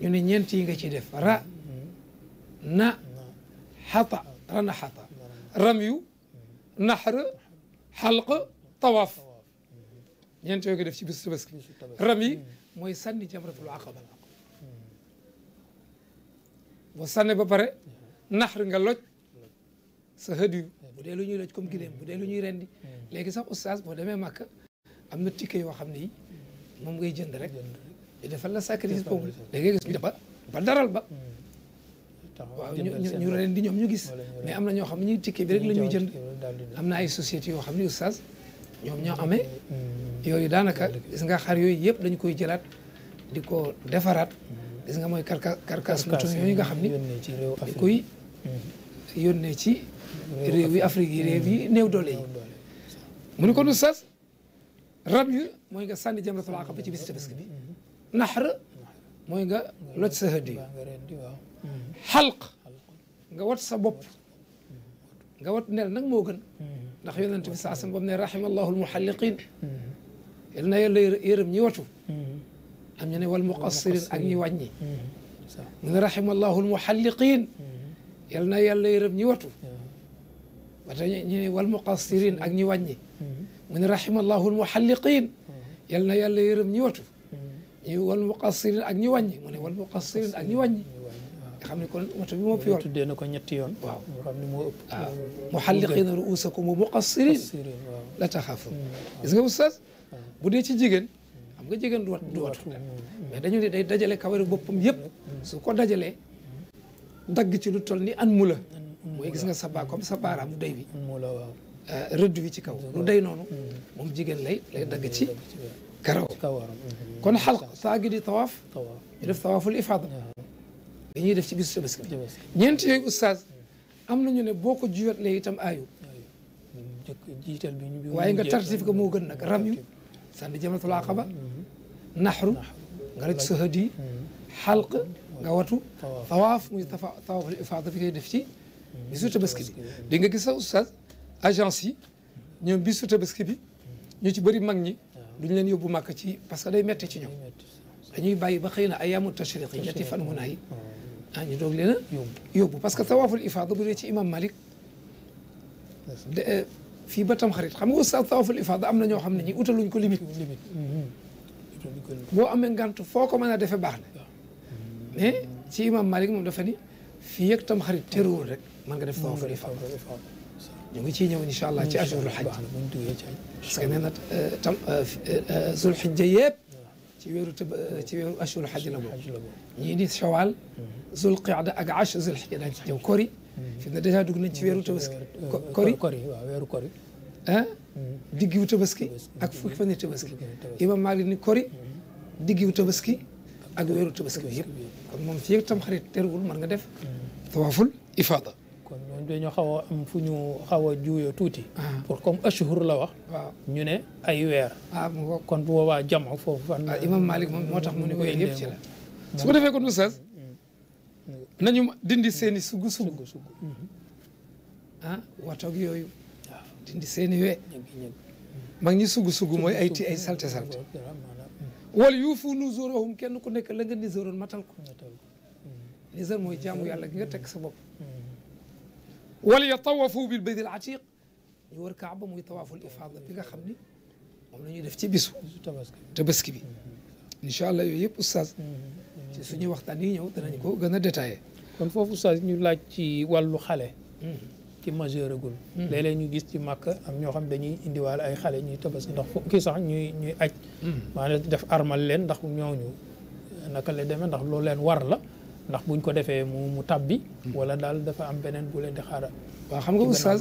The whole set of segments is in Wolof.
ñu ne ñeent yi nga ciy def ra na xata rana xata ramyu naxr xalq tawaaf ñeent yooyu nga def ci bis tabaski ram yi mooy sànni jamratul aqaba boo sanne ba pare naxr nga loj sa hëdiyu bu dee lu ñuy loj comme gileem bu dee lu ñuy rendi léegi sax oustaz boo demee màkk am na ticket yoo xam ne yi moom ngay jënd rek defal la sacrifice boobu da ngay gis ñu ba ba daral ba waaw ñu ren di ñoom ñu gis mais am na ñoo xam ne ñuy tikkee bi rek la ñuy jënd am na ay sociétés yoo xam ne oustaz ñoom ñoo amee yooyu daanaka gis nga xar yooyu yëpp dañu koy jëlaat di ko defaraat gis hmm. nga mooy karkas karkas mutun yooyu nga xam ni di koy hmm. yónnee ci réew yi Afrique yi réew hmm. yi néew doole yi mu ni kon oustaz rab yu mooy nga sànni jamratul aqaba ci bis tabaski bi naxar mooy nga loj sa hëddi xalq nga wat sa bopp nga wat nel nag moo gën ndax yonent bi saa sam bam ne rahimallahu almuhalliqin yal na yàlla yërëm ñi watu am ñu ne wal ñi wàññi mu ne rahimallahu almuhalliqin yal na yàlla yërëm ñi watu ba ñu ne wal muqassirin ak ne yal na yàlla watu ñu wal muqassirin ak ñu wàññi mu ne wal muqassirin ak ñu wàññi nga xam ne kon oto bi moo fi yor tuddee na ko ñetti yoon waaw nga xam ne moo ëpp waaw ah. muhalliqina ruusakum wa muqassirin la taxaafun hmm, gis nga oustaz hmm. bu dee ci jigéen xam nga jigéen du wat du watu hmm, mais dañu ne day dajale kawaru boppam yëpp su ko dajalee dagg ci lu toll ni an mu la mooy gis nga sa baa comme sa baaraamu day bi euh, rëdd wi ci kaw lu day noonu moom jigéen lay lay dagg ci karaw kon xalq saa gi di tawaaf ñu def tawaaful ifaada dañuy def ci bisu tabaski ñeent yooyu oustaz am nañu ne boo ko jiwetlee itam aayu waaye nga tartif ko moo gën nag ram yu sànni jamratul aqaba naxru nga rek sa hadi xalq nga watu tawaaf muy tafa tawaaful ifaada fi koy def ci bisu tabaski bi di nga gis sax oustaz agence yi ñoom bisu tabaski bi ñu ci bëri mag ñi duñ leen yóbbu màkk ci parce que day metti ci ñoom dañuy bàyyi ba xëy na ayaamu tashriq yi ñetti fan mu naay ah ñu doog leen a yóbbu parce que tawaaful ifaada bu dee ci imam Malik eh, fii ba tam xarit xam nga ustaas tawaaful ifaada am na ñoo xam ne ñi utaluñ ko limite mm-hmm. boo amee ngant foo ko mën a defee baax na mm-hmm. mais ci imam Malik moom dafa ni fii yëg tam xarit teruwul rek mën nga def tawaaful ifaada ñu ngi ciy ñëw incha allah ci ashurul xaj parce que nee na euh, tam euh, euh, zul xijja yëpp ci wéeru tëb ci wéeru la bokk ñii di shawal zul qiada ak ash zul xijja daan ci kori na dèjà dugg nañ ci weeru kori waaw weeru hmm. tabaski ak fukki fan i imam Maalik ni kori hmm. diggiwu tabaski ak weeru tabaski bi yëpp kon moom fii tam xarit nga def hmm. tawaaful ifaada kon ñooñu dañoo xaw a am fu ñu xaw a juuyoo tuuti. Ah. pour comme ashhur la wa waaw ñu ne ay weer. ah kon bu boobaa jamono foofu fan. ah Imam Malik moom moo tax mu ne ko yëpp ci la. ko defee kon oustaz mm. nañu dindi seen i watoog yooyu. dindi seeni i wee. Mm. mag ñi mooy ay ti ay salte salte. Mm. wal yuufu nuzuurahum kenn ku nekk la nga nizeroon matal ko. nizer mooy jaamu yàlla gi nga teg sa bopp. wala yatawafu bil bayt al atiq ñu war kaaba muy tawaaful ifaada bi nga xam ni moom la ñuy def ci bisu tabaski bi incha allah yooyu yëpp oustaz mm-hmm. ci suñuy waxtaan yi ñëw nañ ko gën a détaillé kon foofu oustaz ñu laaj ci wàllu xale ki mm-hmm. majeur agul mm-hmm. léeg-léeg ñu gis ci màkk am ñoo xam dañuy indiwaale ay xale ñuy tabaski ndax fo kii sax ñuy ñuy aj maanaam def armal leen ndax ñu naka la demee ndax loolu leen war la ndax buñ ko defee mu mu tabbi. wala daal dafa am beneen bu leen di xaaral. waaw xam nga oustaz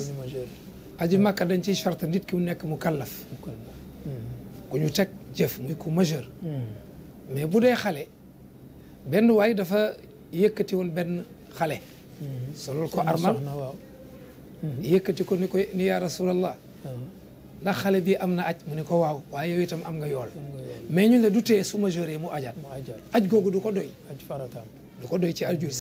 aji makka dañ ciy charte nit ki mu nekk mu kallaf. Mm-hmm. ku ñu teg jëf muy ku majeur. Mm-hmm. mais bu dee xale benn waay dafa yëkkati wun benn xale. Mm-hmm. solol ko armal yëkkati ko ni ko ni yaa rasulallah uh-huh. ndax xale bi am na aj mu ni ko waaw waaye yow itam am nga yool mais ñu ne du tee su ma joree mu ajaat aj googu du ko doy aj lu ko doy ci aljur